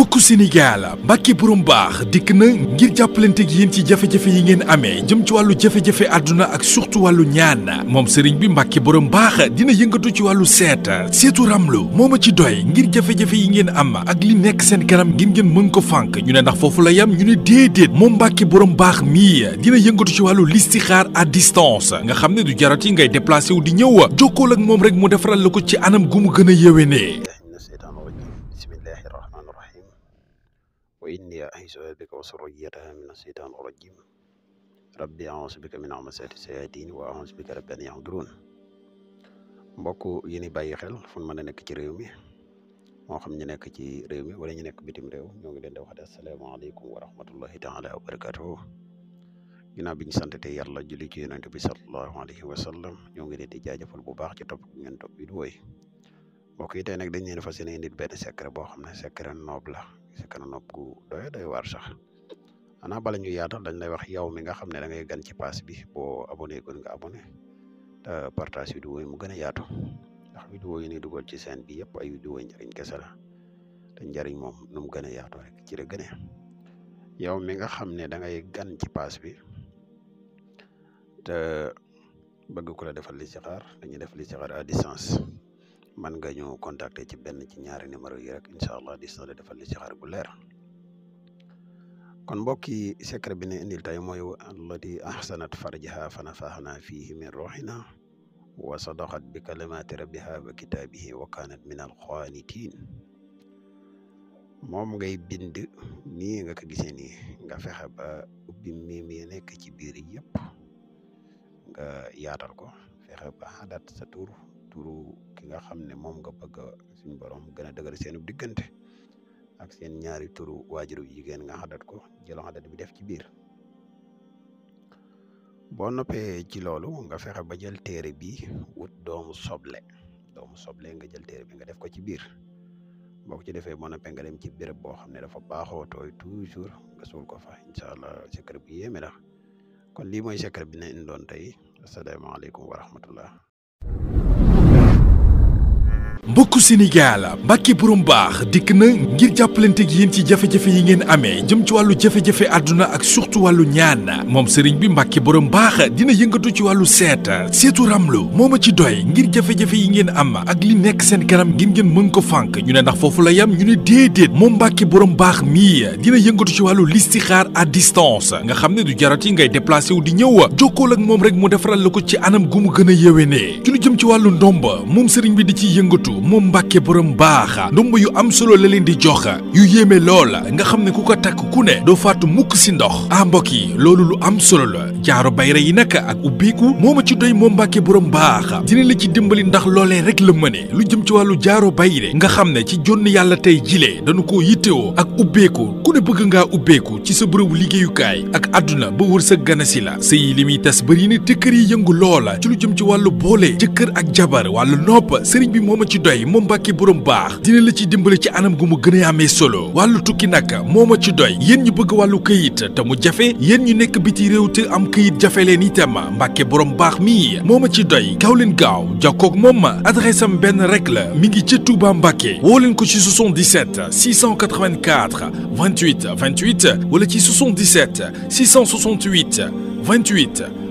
mbokku senegal mbacke burum bax dik na ngir jàppalante ak yeen ci jafe-jafe yi ngeen amé jëm ci walu jafe-jafe aduna ak surtout walu ñaan mom sëriñ bi mbacke burum bax dina yëngatu ci walu sét sétu ramlu moma ci doy ngir jafe-jafe yi ngeen am ak li nekk seen kanam ngir ngeen mën ko fank ñu né ndax fofu la yam ñu né déedéet mom mbacke burum bax mi dina yëngatu ci walu listikhar à distance nga xamné du jarati ngay déplacer wu di ñëw jokkol ak mom rek mu défaral lako ci anam gumu gëna yewé né bismillahi irrahmani irrahim wa inni aizuha bika wa surriyataha min asheytaan irrajim rabbi auzu bika min amasati sayatin wa auzu bika rabbi an yahdurun mbokk yi ni bàyyi xel fu mën a nekk ci réew mi moo xam ñu nekk ci réew mi wala ñu nekk bitim réew ñoo ngi leen di wax de asalaamaaleykum wa rahmatullahi taala wa barakatuhu ginnaaw bi ñu sant te yàlla julli ci yonent bi sallallahu alayhi wa ñoo ngi leen di jaajëfal bu baax ci topp ngeen topp vidéo yi mbokk yi tey nag dañ leen fasiyene yéene indil benn secret boo xam ne secret noob la secret noob gu doy doy war sax xanaa bala ñu yaatal dañ lay wax yow mi nga xam ne da ngay gan ci passe bi boo abonné gun nga abonné te partage vidéo yi mu gën a yaatu ndax vidéo yi ni dugal ci scène bi yëpp ay vidéo yi njëriñ kese la te njëriñ moom nu mu gën a yaatu rek ci la gën yow mi nga xam ne da ngay gan ci passe bi te bëgg ku la defal li ci xaar dañuy def li ci xaar à distance man nga ñu contacter ci benn ci ñaari numéro yi rek incha allah dis na la defal li ci xar bu leer kon mbokki secret bi ne indil tay mooy allati ahsanat farjaha fa nafaxna min ruhina wa sadaqat bi kalimati rabbiha wa kitaabihi wa kanat min alqanitin moom ngay bind nii nga ko gisee nii nga fexe ba ubbi miim yi nekk ci biir yëpp nga yaatal ko fexe ba xadaat sa turu ki nga xam ne moom nga bëgg suñu borom gëna a dëgër seen nyari ak seen ñaari turu wajiru jigéen nga xadat ko jël xadat bi def ci biir bo noppé ci loolu nga fexé ba jël téré bi wut doomu soble doomu soble nga jël téré bi nga def ko ci biir boo ci defee boo noppee nga dem ci béréb bo xamné dafa baxo toy toujours nga sul ko fa inshallah allah kër bi yéme kon li moy secret bi ne tay assalamu alaykum wa rahmatullah mbokku senegal mbacke burum bax dik na ngir jàppalante ak yeen ci jafe-jafe yi ngeen amé jëm ci walu jafe-jafe aduna ak surtout walu ñaan mom sëriñ bi mbacke burum bax dina yëngatu ci walu set setu ramlu moma ci doy ngir jafe-jafe yi ngeen am ak li nekk seen kanam ngir ngeen mën ko fank ñu ne ndax fofu la yam ñu ne déedéet mom mbacke burum bax mi dina yëngatu ci walu listikhar à distance nga xam du jarati ngay déplacer wu di ñëw jokkool ak mom rek mu lako ci anam gumu gëna yewene, a ci lu jëm ci walu ndomba mom bi di ci yëngatu moom Mbàkke borom baax ndomb yu am solo la leen di jox yu yéeme lool nga xam ne ku ko takk ku ne doo faatu mukk si ndox ah mbokk yi loolu lu am solo la jaaro bayre yi nag ak ubbiiku moo ma ci doy moom Mbàkke borom baax dina la ci dimbali ndax loolee rek la mëne lu jëm ci wàllu jaaro bayre nga xam ne ci jonn yàlla tey jilee danu koo yittewoo ak ubbeeku ku ne bëgg ngaa ubbeeku ci sa bërëbu liggéeyukaay ak àdduna ba wër sa gana si la sëy li muy tas bëri na te kër yi yëngu loola ci lu jëm ci wàllu boole jëkkër ak jabar wàllu nopp sëriñ bi moo ma ci doy doy moom Mbàkke boroom baax dina la ci dimbali ci anam gu mu gën a amee solo wàllu tukki nag moo a ci doy yéen ñu bëgg wàllu këyit te mu jafe yéen ñu nekk biti réew te am këyit jafe leen itam Mbàkke boroom baax mii moom ma ci doy gaaw leen gaaw jokkook moom ma adresse am benn rek la mi ngi ca Touba Mbàkke woo leen ko ci 77 684 28 28 wala ci 77 668 28